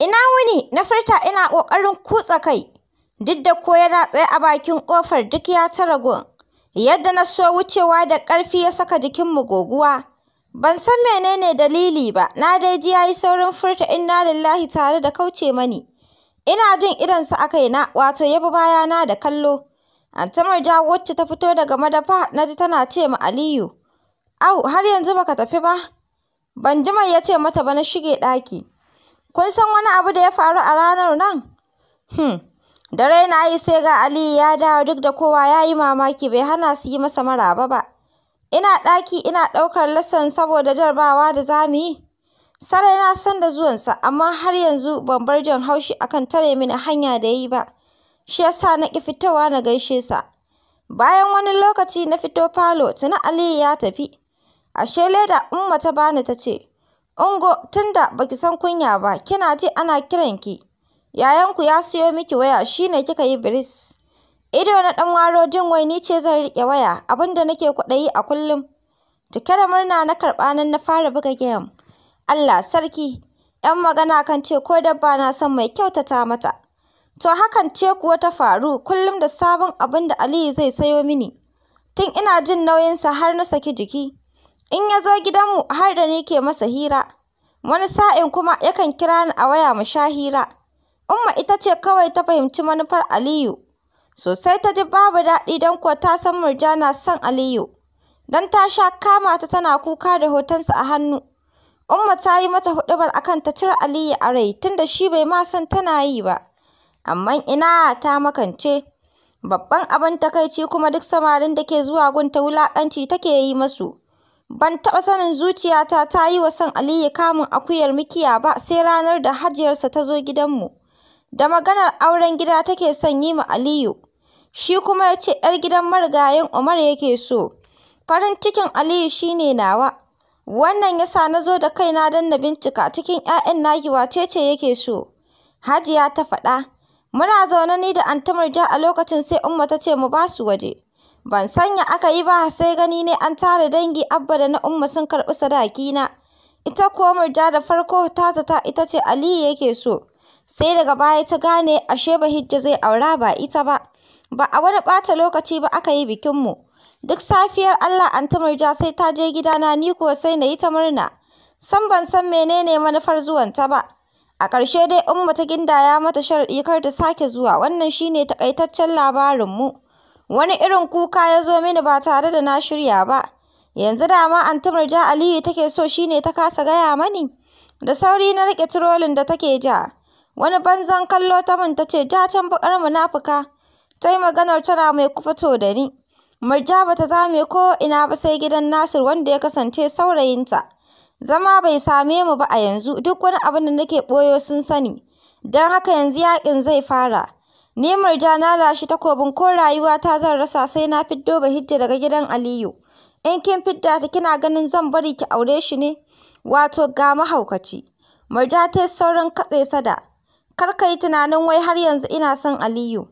“Ina wuni?” na furta ina ƙoƙarin kutsa kai, duk da ko yana tsaye a bakin ƙofar duk ya tara gun, yadda na so wucewa da ƙarfi ya saka jikinmu goguwa. Ban san menene dalili ba, na dai ji ya yi saurin furta “inna lillahi” tare da kauce mani. Ina jin sa akai na wato yabi baya na da kallo. Antamar Murja ta fito daga madafa na ji tana ce ma Aliyu, “Au, har yanzu baka tafi ba?” Ban ji ya ce mata ba na shige ɗaki. Kun san wani abu da ya faru a ranar nan? “Hmm, dare na yi sai ga Aliyu ya dawo duk da kowa ya yi mamaki bai hana su yi masa maraba ba. Ina ɗaki ina ɗaukar lesson saboda jarbawa da za mu yi. Sarai na san da zuwansa amma har yanzu ban bar Jan haushi akan tare mini hanya da yi ba, shi yasa sa na ƙi fitowa na gaishe sa. Bayan wani lokaci na fito falo tuni Aliyu ya tafi. Ashe leda Umma ta bani ta ce, Ungo tunda baki san kunya ba, kina ji ana kiranki, yayanku ya siyo miki waya shine kika yi biris. Ido na ɗan waro jin wai ni ce zan rike waya, abinda nake kudai a kullum. Tike da murna na karɓa nan na fara buga game. Allah sarki, ‘yan magana kan ce ko dabba na son mai kyautata mata. To hakan ce kuwa ta faru kullum da sabon abun da Aliyu zai sayo mini. Tun ina jin nauyinsa har na saki jiki. In ya zo gidanmu har da ni ke masa hira, wani sa'in kuma yakan kira ni a waya mu sha hira. Umma ita ce kawai ta fahimci manufar Aliyu sosai ta ji babu daɗi don kuwa ta san Murja na son Aliyu. Don ta sha kama ta tana kuka da hotonsa a hannu. Umma ta yi mata huɗubar akan ta cire Aliyu a rai tunda shi bai ma san tana yi ba. Amma ina ta makance. Babban abin takaici kuma duk samarin da ke zuwa gunta wulaƙanci take yi masu. Ban taɓa sanin zuciyata ta yi wa son Aliyu kamun akuyar mikiya ba sai ranar da hajiyarsa ta zo gidanmu. Da maganar auren gida take son yi ma Aliyu, shi kuma ya ce ‘yar gidan marigayin Umar yake so. Farin cikin Aliyu shi ne nawa. Wannan ya sa na zo da kaina don na bincika cikin ‘ya'yan naki wace ce yake so. Hajiya ta faɗa. Muna zaune ni da ja a lokacin sai Umma ta ce mu ba su waje. Ban sanya aka yi ba sai gani ne an tara dangi Abba da na Umma sun karɓi sadakina. Ita kuwa Murja da farko ta zata ita ce Aliyu yake so. Sai daga baya ta gane ashe ba hijja zai aura ba ita ba. Ba a wani ɓata lokaci ba aka yi bikinmu. Duk safiyar Allah an ta Murja sai ta je gidana ni kuwa sai na yi ta murna. san ban san menene manufar zuwan ta ba. A ƙarshe dai Umma ta gindaya mata sharaɗi kar ta sake zuwa. Wannan shine taƙaitaccen labarinmu. Wani irin kuka ya zo mini ba tare da na shirya ba. Yanzu da ma Anti Murja Aliyu take so shi ne ta kasa gaya mani. Da sauri na rike tirolin da take ja. Wani banzan kallo ta manta ta ce, ja can munafuka. Ta yi maganar tana mai kufato da ni. Murja ba ta zame ko ina ba sai gidan Nasir wanda ya kasance saurayinta. Zama bai same mu ba a yanzu, duk wani abin da nake ɓoyo sun sani. Don haka yanzu yakin zai fara. Ni marja na lashe takobin ko rayuwa ta zan rasa sai na fiddo Bahijja daga gidan Aliyu, in kin fidda ta kina ganin zan bari ki aure shi ne? Wato ga mahaukaci. Marja ta yi saurin katse sada. kar ka yi tunanin wai har yanzu ina son Aliyu.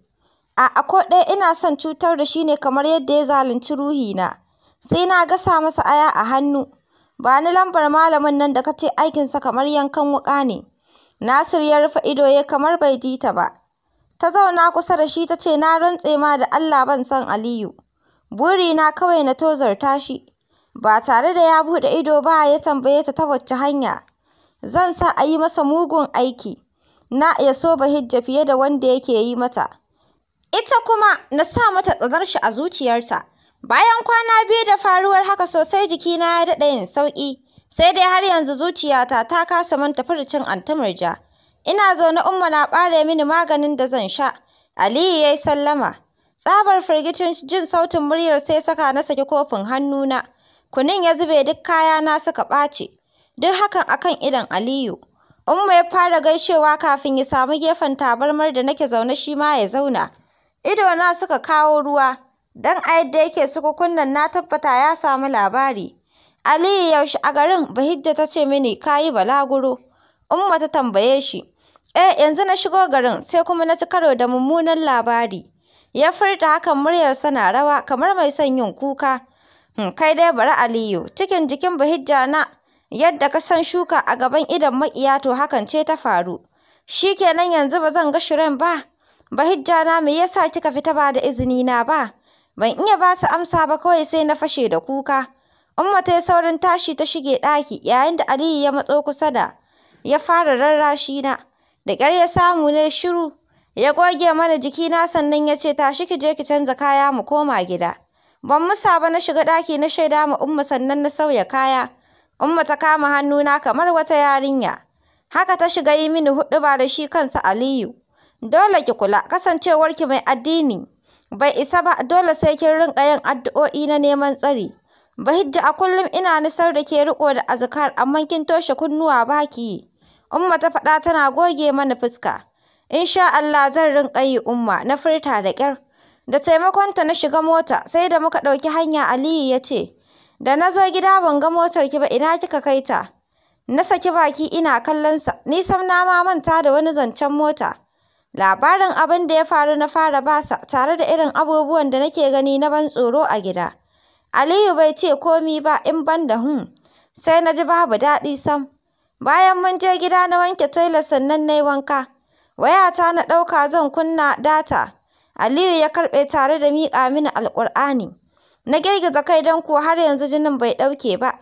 A'a ko ɗaya ina son cutar da shi ne kamar yadda ya zalunci ruhina. Sai na gasa masa aya a hannu. Ba ni lambar malamin nan da ka ce aikinsa kamar yankan wuƙa ne. Nasir ya rufe ido ya kamar bai ji ta ba. Ta zauna kusa da shi ta ce na rantse ma da Allah ban san Aliyu. Burina kawai na tozarta shi. Ba tare da ya buɗe ido ba ya tambaye ta ta wacce hanya. Zan sa a yi masa mugun aiki. Na iya so ba hijja fiye da wanda yake yi mata. Ita kuma na sa mata tsanar shi a zuciyarta. Bayan kwana biyu da faruwar haka sosai jikina ya daɗa yin sauƙi. Sai dai har yanzu zuciyata ta kasa manta furucin ja. Ina zaune Umma na ɓare mini maganin da zan sha. Aliyu ya yi sallama. Tsabar firgicin jin sautin muryar sai saka na saki kofin hannuna. Kunin ya zube duk kayana suka ɓace. Duk hakan akan idon Aliyu. Umma ya fara gaishewa kafin ya samu gefen tabarmar da nake zaune shi ma ya zauna. Idona suka kawo ruwa. Dan a yadda yake suka kunnen na tabbata ya samu labari. Aliyu yaushe a garin Bahijja ta ce mini kayi balaguro. Umma ta tambaye shi. Eh, yanzu na shigo garin, sai kuma na ci karo da mummunan labari. Ya furta hakan muryarsa na rawa kamar mai son yin kuka. Hmm, kai dai bari Aliyu, cikin jikin Bahijja na yadda ka san shuka a gaban idon maƙiya to hakan ce ta faru. Shi kenan yanzu ba zan ga shirin ba. Bahijja na me yasa kika fita ba da izini na ba? Ban iya ba su amsa ba kawai sai na fashe da kuka. Umma ta yi saurin tashi ta shige ɗaki yayin da Aliyu ya matso kusa da ya fara rarrashi na. Da ƙyar ya samu na shiru, ya goge mana jikina sannan ya ce tashi ki je ki canza kaya mu koma gida. Ban musa ba na shiga ɗaki na shaida ma Umma sannan na sauya kaya. Umma ta kama hannuna kamar wata yarinya. Haka ta shiga yi mini ba da shi kansa Aliyu. Dole ki kula, kasancewarki mai addini. Bai isa ba, dole sai kin rinka yin addu'o'i na neman tsari. Ba Bahijja a kullum ina nisar da ke riko da azkar amma kin toshe kunnuwa baki yi. Umma ta faɗa tana goge mana fuska. in sha Allah zan rinƙa yi Umma na furta da ƙyar. Da taimakonta na shiga mota sai da muka ɗauki hanya Aliyu ya ce, Da na zo gida ban ga motar ki ba ina kika kai ta. Na saki baki ina kallonsa, ni sam na ma manta da wani zancen mota. Labarin abin da ya faru na fara basa tare da irin abubuwan da nake gani na ban tsoro a gida. Aliyu bai ce komi ba in ban da hun, hmm", sai na ji babu daɗi sam. Bayan mun je gida na wanke toilet sannan na yi wanka. Wayata na ɗauka zan kunna data. Aliyu ya karɓe tare da miƙa mini Alƙur'ani. Na girgiza kai don kuwa har yanzu jinin bai ɗauke ba.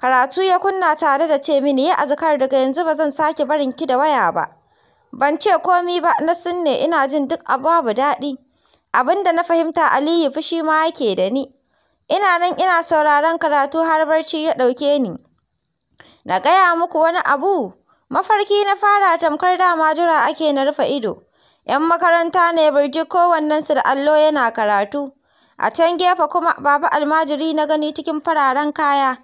Karatu ya kunna tare da ce mini yi azkar daga yanzu ba zan sake barin ki da waya ba. Ban ce komi ba na sinne ina jin duk a babu daɗi. Abin da na fahimta Aliyu fushi ma yake da ni. Ina nan ina sauraron karatu har barci ya ɗauke ni. Na gaya muku wani abu, mafarki na fara tamkar dama jira ake na rufe ido. ‘Yan makaranta ne birjik kowannensu da allo yana karatu. A can gefe kuma baba almajiri na gani cikin fararen kaya,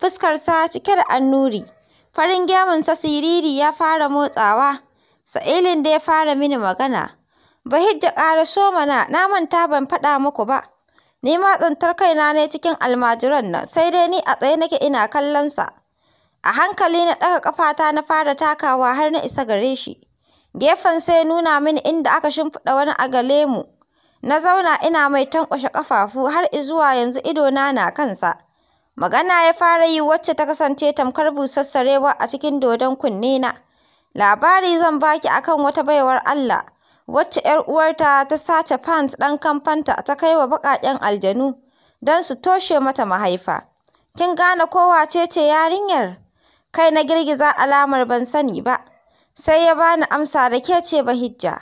fuskarsa cike da annuri. Farin gemunsa siriri ya fara motsawa, sa'ilin da ya fara mini magana. Ba ƙara ƙaraso mana na manta ban faɗa muku ba. Ni ma tsantar kaina ne cikin almajiran nan, sai dai ni a tsaye nake ina kallonsa. A hankali na ɗaga ƙafata na fara takawa har na isa gare shi. Gefen sai nuna mini inda aka shimfiɗa wani agalemu. Na zauna ina mai tanƙwashe ƙafafu har izuwa yanzu idona na kansa. Magana ya fara yi wacce ta kasance tamkar busassarewa a cikin dodon kunne na. Labari zan baki akan wata baiwar Allah wacce ‘yar uwarta ta sace pants ɗan kamfanta ta kai wa baƙaƙen aljanu don su toshe mata mahaifa. Kin gane ko wace ce yarinyar? kai na girgiza alamar ban sani ba sai ya bani amsa da ke ce hijja.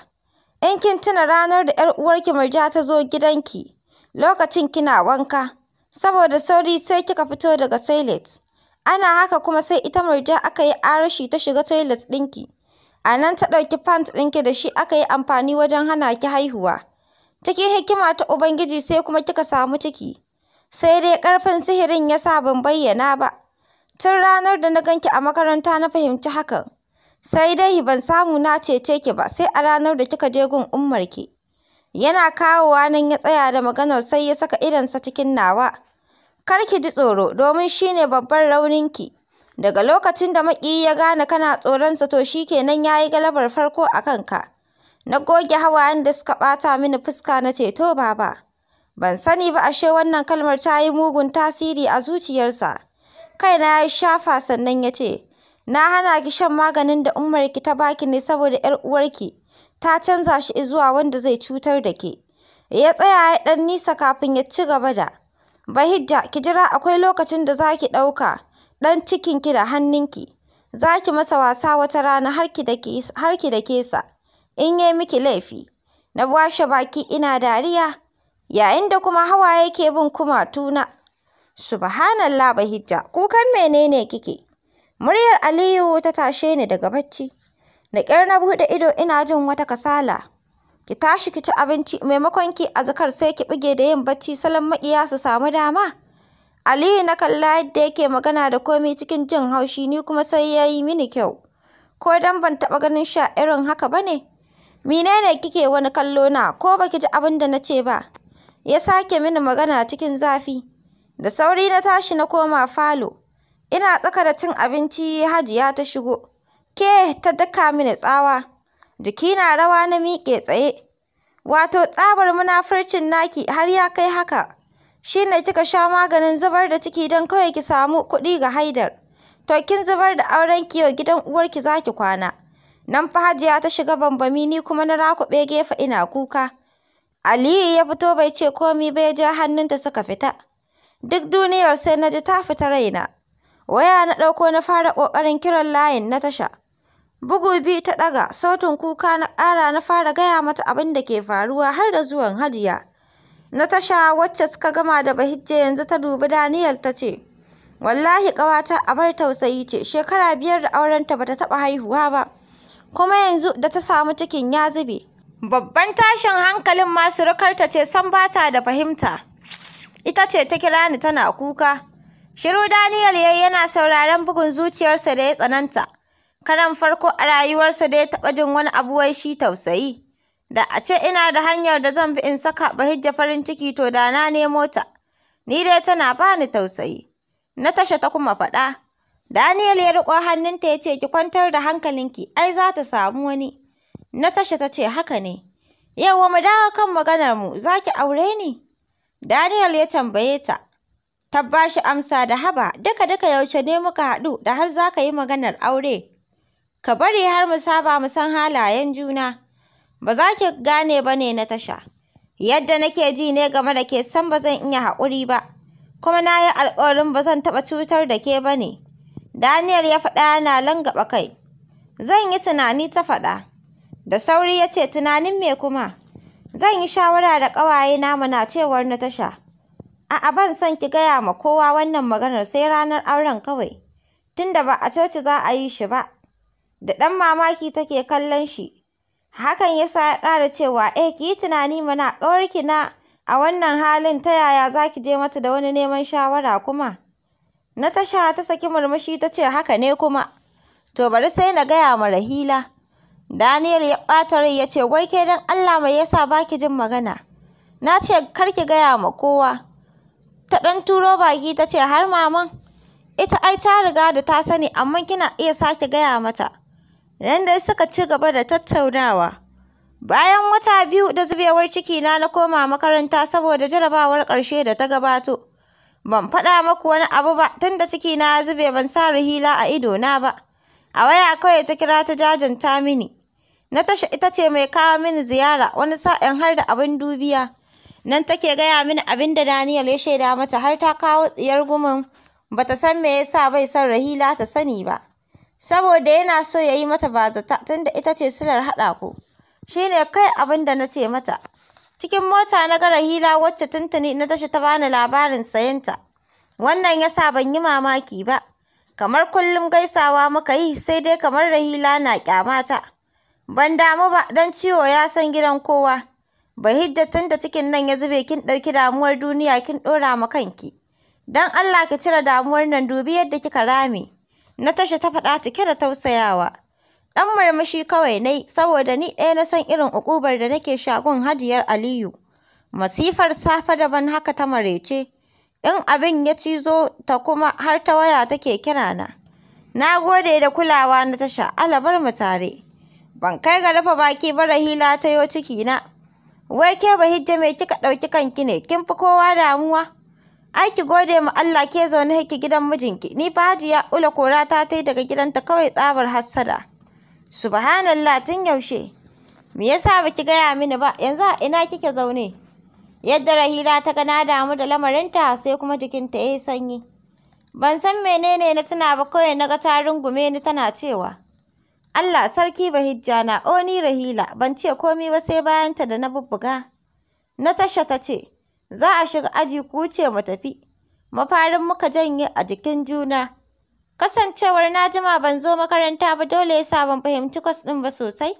in kin tuna ranar da yar uwarki murja ta zo gidanki lokacin kina wanka saboda sauri sai kika fito daga toilet ana haka kuma sai ita murja aka yi arashi ta shiga toilet ɗinki a nan ta ɗauki pant ɗinki da shi aka yi amfani wajen hana ki haihuwa cikin hikima ta ubangiji sai kuma kika samu ciki sai dai ƙarfin sihirin ya sa ban bayyana ba Tun ranar da na ganki a makaranta na fahimci hakan. Sai dai ban samu na cece ki ba sai a ranar da kika je gun ummarki. Yana kawowa nan ya tsaya da maganar sai ya saka sa cikin nawa. Kar ki ji tsoro domin shine ne raunin ki. Daga lokacin da maƙiyi ya gane kana tsoronsa to shi kenan ya yi galabar farko a kanka. Na goge hawayen da suka ɓata mini fuska na ceto baba. Ban sani ba ashe wannan kalmar ta yi mugun tasiri a zuciyarsa. kaina ya shafa sannan ya ce, Na hana ki shan maganin da umarki ta baki ne saboda ‘yar uwarki ta canza shi zuwa wanda zai cutar da ke. Ya tsaya ya ɗan nisa kafin ya ci gaba da, Bahijja, ki jira akwai lokacin da za ki ɗauka ɗan cikinki da hannunki. Za ki masa wasa wata rana har ki da kesa, in yi miki laifi. Na washe baki ina dariya, yayin da kuma hawaye ke bin kumatuna. Subhanallah Bahijja, kukan menene kike? Muryar Aliyu ta tashe ni daga bacci. Da ƙyar na buɗe ido ina jin wata kasala. Ki tashi ki ci abinci maimakon ki azkar sai ki buge da yin bacci salon maƙiya su samu dama. Aliyu na kalla yadda yake magana da komai cikin jin haushi ni kuma sai ya yi mini kyau. Ko dan ban taɓa ganin sha irin haka ba ne? Menene kike wani kallo na ko baki ji abin da na ce ba? Ya sake mini magana cikin zafi. Da sauri na tashi na koma falo, ina tsaka da cin abinci Hajiya ta shigo, “Ke!” ta daka mini tsawa, jiki na rawa na miƙe tsaye, “Wato tsabar munafurcin naki har ya kai haka, shi ne kika sha maganin zubar da ciki don kawai ki samu kuɗi ga haidar, to kin zubar da aurenki yau gidan uwarki za ki kwana.” Nan fa Hajiya ta shiga bambami ni kuma na rakuɓe gefe ina kuka. Aliyu ya fito bai ce komai ba ya ja hannunta suka fita. Duk duniyar sai na ji ta fita raina. Waya na ɗauko na fara ƙoƙarin kiran layin na tasha. Bugu biyu ta ɗaga, sautin kuka na ƙara na fara gaya mata abin da ke faruwa har da zuwan Hajiya. Na tasha wacce suka gama da Bahijja yanzu ta dubi Daniel ta ce, Wallahi ƙawata a bar tausayi ce, shekara biyar da aurenta bata taɓa haihuwa ba, kuma yanzu da ta samu cikin ya zube. Babban tashin hankalin masu rukarta ce san bata da fahimta. ita ce ta kira ni tana kuka. Shiru Daniel yayi yana sauraron bugun zuciyarsa da ya tsananta. Karan farko a rayuwarsa da ya taɓa jin wani abu wai shi tausayi. Da a ce ina da hanyar da zan bi in saka ba hijja farin ciki to da na nemo ta. Ni dai tana bani tausayi. Na tasha ta kuma faɗa. Daniel ya riƙo hannunta ya ce ki kwantar da hankalinki ai za ta samu wani. Na tasha ta ce haka ne. Yauwa mu dawo kan maganar mu za ki aure ni? Daniel ya tambaye ta. Ta ba shi amsa da haba, daka-daka yaushe ne muka haɗu da har za ka yi maganar aure. Ka bari har mu saba mu san halayen juna. Ba za ki gane ba ne na tasha. Yadda nake ji ne game da ke san ba zan iya haƙuri ba. Kuma na yi alƙawarin ba zan taɓa cutar da ke ba ne. Daniel ya faɗa yana langaɓa kai. Zan yi tunani ta faɗa. Da sauri ya ce tunanin me kuma? Zan yi shawara da ƙawaye na muna cewar tasha. A'a ban son ki gaya ma kowa wannan maganar sai ranar auren kawai. Tunda ba a coci za a yi shi ba. Da ɗan mamaki take kallon shi. Hakan ya sa ya ƙara cewa eh ki yi tunani mana ƙawarki na a wannan halin ta yaya za ki je mata da wani neman shawara kuma. Na tasha ta saki murmushi ta ce haka ne kuma. To bari sai na gaya ma Rahila. Daniel ya ɓata rai ya ce, wai ke don Allah mai yasa ba ki jin magana? Na ce, kar ki gaya ma kowa. Ta ɗan turo baki ta ce, har maman? Ita ai ta riga da ta sani, amma kina iya sake gaya mata. Nan dai suka ci gaba da tattaunawa. Bayan wata biyu da zubewar ciki na na koma makaranta saboda jarabawar ƙarshe da ta gabato. Ban faɗa maku wani abu ba, tunda cikina ya zube ban sa rahila a idona ba. A waya kawai ta kira ta jajanta mini. Na tasha ita ce mai kawo mini ziyara wani sa'in har da abin dubiya. Nan take gaya mini abin da Daniel ya shaida mata har ta kawo tsiyar gumin bata san me yasa bai san Rahila ta sani ba. Saboda yana so ya yi mata bazata tunda ita ce silar haɗa ku. shine kai abin da na ce mata. Cikin mota na ga Rahila wacce tuntuni na tashi ta bani labarin sayanta. Wannan yasa ban yi mamaki ba. kamar kullum gaisawa muka yi sai dai kamar rahila na kyamata ban damu ba don ciwo ya san gidan kowa bahijja tun da cikin nan ya zube kin ɗauki damuwar duniya kin ɗora ma kanki don allah ki cire damuwar nan dubi yadda kika rame na tashi ta faɗa cike da tausayawa ɗan murmushi kawai nai saboda ni ɗaya na san irin uƙubar da nake shagon Hajiyar aliyu masifar safe daban haka ta marece in abin ya cizo ta kuma har ta waya take kira na. Na gode da kulawa na tasha, Allah bar mu tare. Ban kai ga rufe baki ba Rahila ta yo ciki na. Wai ke Bahijja me kika ɗauki kanki ne, kin fi kowa damuwa? Ai ki gode mu Allah ke zaune haki gidan mijinki, ni fa Hajiya Ula kora ta tai daga gidanta kawai tsabar hassada. Subhanallah tun yaushe. Me yasa baki gaya mini ba, yanzu a ina kike zaune? Yadda Rahila ta ga na damu da lamarinta sai kuma jikinta ya yi sanyi. Ban san menene na tuna ba kawai na ga ta rungume ni tana cewa, Allah sarki bahijja na o ni Rahila ban ce komai ba sai bayanta da na bubbuga. Na tasha ta ce, za a shiga aji ku ce mu tafi. Mafarin muka janye a jikin juna. Kasancewar na jima ban zo makaranta ba dole yasa ban fahimci kwas ɗin ba sosai.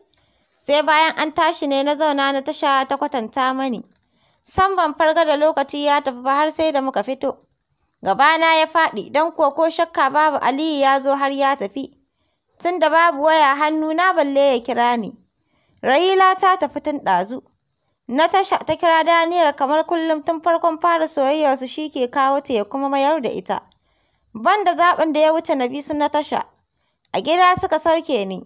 Sai bayan an tashi ne na zauna na tasha ta kwatanta mani. Sam ban farga da lokaci ya tafi ba har sai da muka fito. Gabana ya faɗi don kuwa ko shakka babu Aliyu ya zo har ya tafi. Tun da babu waya hannu na balle ya kira ni. Rahila ta tafi tun ɗazu. Na tasha ta kira Daniyar kamar kullum tun farkon fara soyayyarsu shi ke kawo ta ya kuma mayar da ita. Ban da zaɓin da ya wuce na bi su na tasha. A gida suka sauke ni.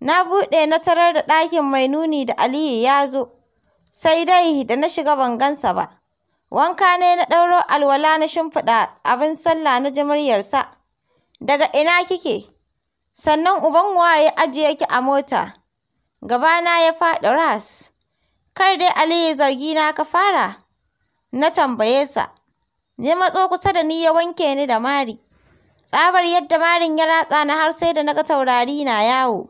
Na buɗe na tarar da ɗakin mai nuni da Aliyu ya zo. sai dai da na shiga ban gansa ba. Wanka ne na ɗauro alwala na shimfiɗa abin sallah na ji muryarsa. Daga ina kike? Sannan uban waye ajiye ki a mota? Gabana ya faɗi ras. Kar dai Aliyu zargi na ka fara? Na tambaye sa. ni matso kusa da ni ya wanke ni da mari. Tsabar yadda marin ya ratsa na har sai da na ga taurari na yawo.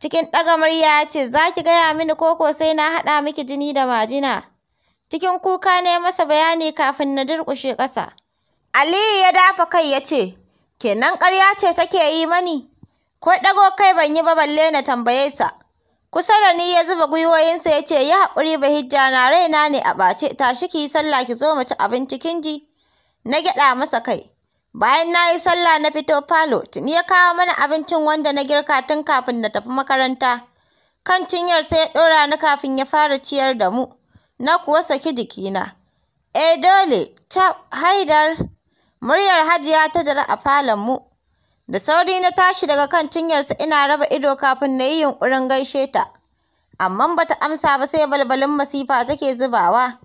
Cikin ɗaga murya ya ce, za ki gaya mini koko sai na haɗa miki jini da majina. Cikin kuka na masa bayani kafin na durƙushe ƙasa. Aliyu ya dafa kai ya ce, kenan ƙarya ce take yi mani? Ko ɗago kai ban yi ba balle na tambaye sa. Kusa da ni ya zuba gwiwoyinsa ya ce, yi haƙuri bahijja na raina ne a ɓace, tashi ki yi sallah ki zo mu ci abinci kin ji. Na gyaɗa masa kai. Bayan na yi sallah na fito falo, tuni ya kawo mana abincin wanda na girka tun kafin na tafi makaranta. Kan cinyar sai ya ɗora ni kafin ya fara ciyar da mu, na kuwa saki jikina. Eh dole, ta haidar, muryar hajiya ta dara a falon mu. Da sauri na tashi daga kan cinyarsa ina raba ido kafin na yi yunƙurin gaishe ta. Amma bata amsa ba sai balbalin masifa take zubawa.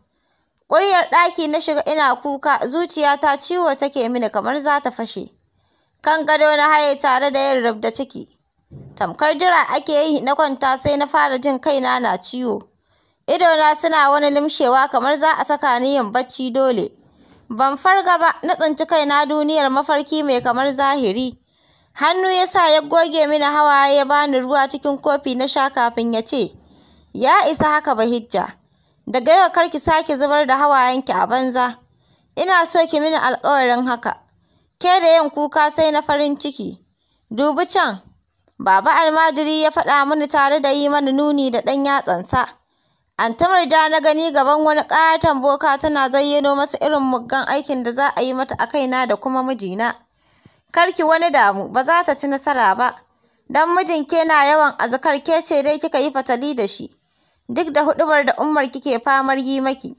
Ƙuryar ɗaki na shiga ina kuka, zuciyata ciwo take mini kamar za ta fashe. Kan gado na haye tare da yin rubda ciki. Tamkar jira ake yi na kwanta sai na fara jin kaina na ciwo. Idona suna wani limshewa kamar za a saka ni yin bacci dole. Ban farga ba, na tsinci kaina duniyar mafarki mai kamar zahiri. Hannu ya sa ya goge mini hawaye ya bani ruwa cikin kofi na sha kafin ya ce, Ya isa haka ba hijja. daga yau kar ki sake zubar da hawayenki a banza ina so ki mini alƙawarin haka ke da yin kuka sai na farin ciki dubi can baba almajiri ya faɗa mini tare da yi mani nuni da ɗan yatsansa antamar da na gani gaban wani ƙaton boka tana zayyano masa irin muggan aikin da za a yi mata a kaina da kuma mijina Kar ki wani damu ba za ta ci nasara ba dan mijin ke na yawan azkar ke ce dai kika yi fatali da shi duk da hudubar da umar kike famar yi maki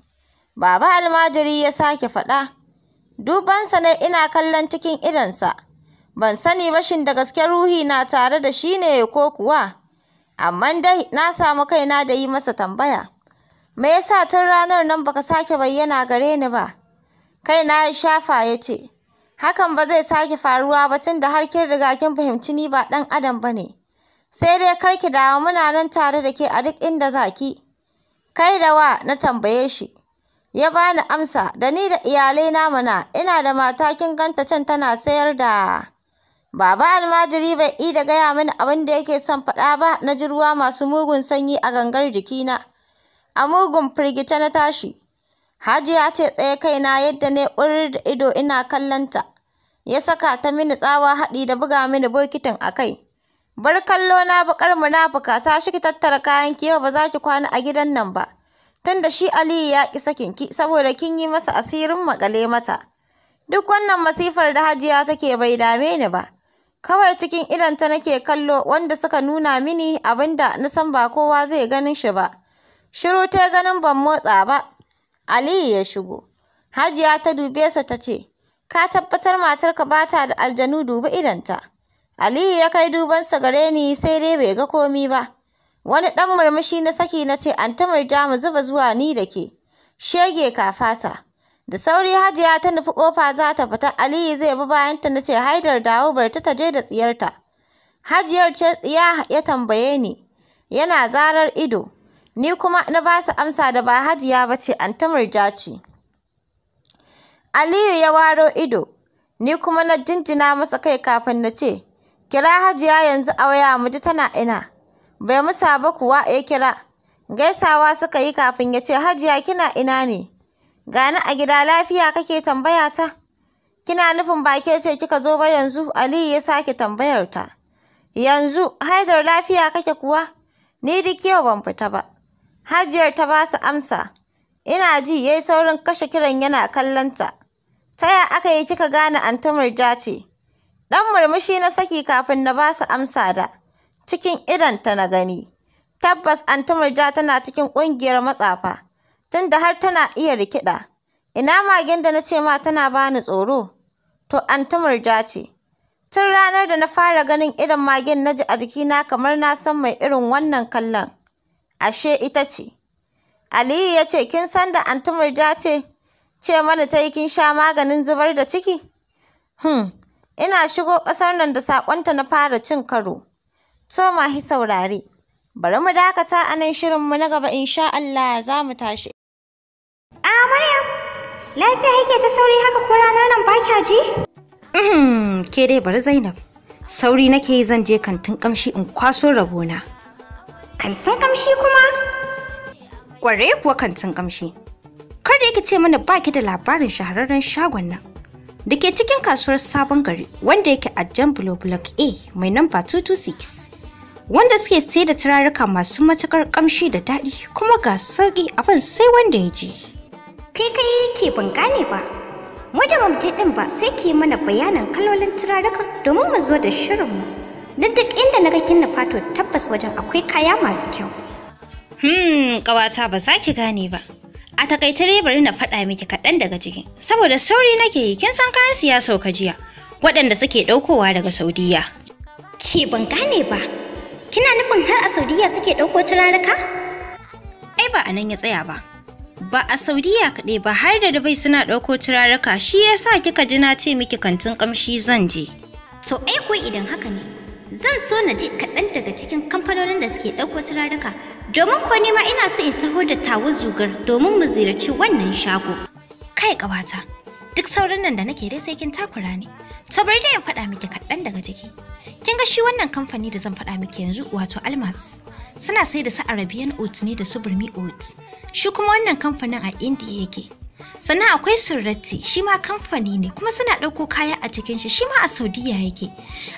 baba almajiri ya sake faɗa dubansa ne ina kallon cikin idonsa ban sani ba shin da gaske ruhi na tare da shi ne ko kuwa amma dai na samu kaina da yi masa tambaya me yasa tun ranar nan baka sake bayyana gare ni ba kaina ya shafa ya ce hakan ba zai sake faruwa ba tunda da har kin riga kin fahimci ni ba ɗan adam ba ne sai dai kar ki dawo muna nan tare da ke a duk inda za ki. Kai da wa na tambaye shi. Ya bani amsa da ni da iyalai na mana ina da mata kin ganta can tana sayar da Baba almajiri bai yi da gaya mini abin da yake son faɗa ba na ji ruwa masu mugun sanyi a gangar jikina. A mugun firgice na tashi. Hajiya ce tsaye kaina yadda ne ƙurir da ido ina kallonta. Ya saka ta mini tsawa haɗi da buga mini bokitin a kai. Bar kallo na bakar munafuka ta shiki tattara kayan ki yau ba za ki kwana a gidan nan ba. Tunda shi Aliyu ya ƙi sakin ki saboda kin yi masa asirin makale mata. Duk wannan masifar da Hajiya take bai dame ni ba. Kawai cikin idonta nake kallo wanda suka nuna mini abinda na san ba kowa zai ganin shi ba. Shiru ta ganin ban motsa ba. Aliyu ya shigo. Hajiya ta dube sa ta ce, Ka tabbatar matarka ba ta da aljanu dubi idonta. Aliyu ya kai dubansa gare ni sai dai bai ga komi ba. Wani ɗan murmushi na saki na ce, ta Murja mu zuba zuwa ni da ke. Shege ka fasa. Da sauri Hajiya ta nufi ƙofa za ta fita, Aliyu zai bi bayanta na ce, Haidar dawo bar ta je da tsiyarta. Hajiyar ce tsiya ya tambaye ni, yana zarar ido. Ni kuma na ba su amsa da ba Hajiya ba ce, ta Murja ce. Aliyu ya waro ido, ni kuma na jinjina masa kai kafin na ce, Kira Hajiya yanzu a waya mu ji tana ina. Bai musa ba kuwa ya kira. Gaisawa suka yi kafin ya ce Hajiya kina ina ne? Gani a gida lafiya kake tambaya ta? Kina nufin ba ke ce kika zo ba yanzu? Aliyu ya sake tambayar ta. Yanzu Haidar lafiya kake kuwa? Ni duk yau ban fita ba. Hajiyar ta ba su amsa. Ina ji yayi saurin kashe kiran yana kallon ta. Ta ya aka yi kika gane antamar ce? Ɗan murmushi na saki kafin na basu amsa da cikin ta na gani. Tabbas antumar tana cikin ƙungiyar matsafa, tunda har tana iya rikida. Ina magen da na ce ma tana bani tsoro? To antumar ce. Tun ranar da na fara ganin idon magen na ji a jikina kamar na san mai irin wannan kallon. Ashe ita ce. Aliyu ya ce, kin san da antumar ce? Ce mana ta yi kin sha maganin zubar da ciki? Hmm, Ina shigo ƙasar nan da saƙonta na fara cin karo. ma hi saurare. Bari mu dakata a nan shirinmu na gaba insha Allah za mu tashi. A Maryam, lafiya yake ta sauri haka ko ranar nan ba kya ji? Uhm, ke dai bari Zainab. Sauri nake yi zan je kantin kamshi in kwaso rabona. Kantin kamshi kuma? Ƙware kuwa kantin kamshi. Kar da yake ce mana baki da labarin shahararren shagon nan. da ke cikin kasuwar sabon gari wanda yake a jan block a mai namba 226 wanda suke sai da turaruka masu matakar kamshi da daɗi kuma ga sauƙi abin sai wanda ya je kai kai ke ban gane ba mu mamje ɗin ba sai ke mana bayanan kalolin turarukan domin mu zo da shirin mu duk inda na ga kinna fato tabbas wajen akwai kaya masu kyau hmm ƙawata ba za ki gane ba A takaice dai bari na faɗa miki kaɗan daga cikin, saboda sauri nake yi, kin san kayan siya sauka jiya, waɗanda suke ɗaukowa daga Saudiya. Ke ban gane ba, kina nufin har a Saudiya suke ɗauko turaruka? Ai ba a nan ya tsaya ba. Ba a Saudiya kaɗai ba har da Dubai suna ɗauko turaruka shi yasa kika ji na ce miki kantin ƙamshi zan je. To ai ko idan haka ne, zan so na ji kaɗan daga cikin kamfanonin da suke ɗauko turaruka domin ko nima ina so in taho da tawo zugar domin mu ziyarci wannan shago kai ƙawata duk sauran nan da nake dai sai kin takura ne to bari dai in faɗa miki kaɗan daga jiki. kin ga shi wannan kamfani da zan faɗa miki yanzu wato almas suna sai da su arabian oat ne da su burmi oat shi kuma wannan kamfanin a india yake sannan akwai surratti shi ma kamfani ne kuma suna ɗauko kaya a cikin shi shi ma a saudiya yake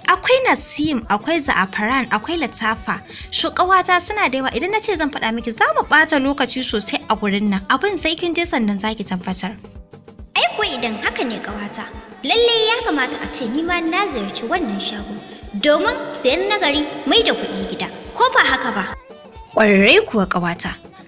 akwai nasim akwai za'afaran akwai latafa shukawata suna da yawa idan na ce zan faɗa miki za mu ɓata lokaci sosai a gurin nan abin sai kin je sannan za ki tabbatar ai ko idan haka ne kawata lalle ya kamata a ce ni ma na ziyarci wannan shago domin sayan nagari mai da kuɗi gida ko ba haka ba ƙwararrai kuwa kawata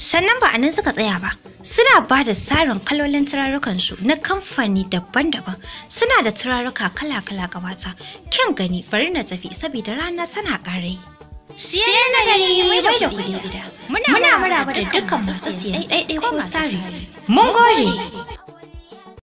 Sannan ba a nan suka tsaya ba, suna ba da tsarin kalolin turarukansu na kamfani daban-daban suna da turaruka kala-kala gabata kyan gani bari na tafi saboda rana tana ƙarai. Siyan na gani wai da kuɗi gida, muna ba da dukkan masu siyan ɗaiɗai ko Mun gore!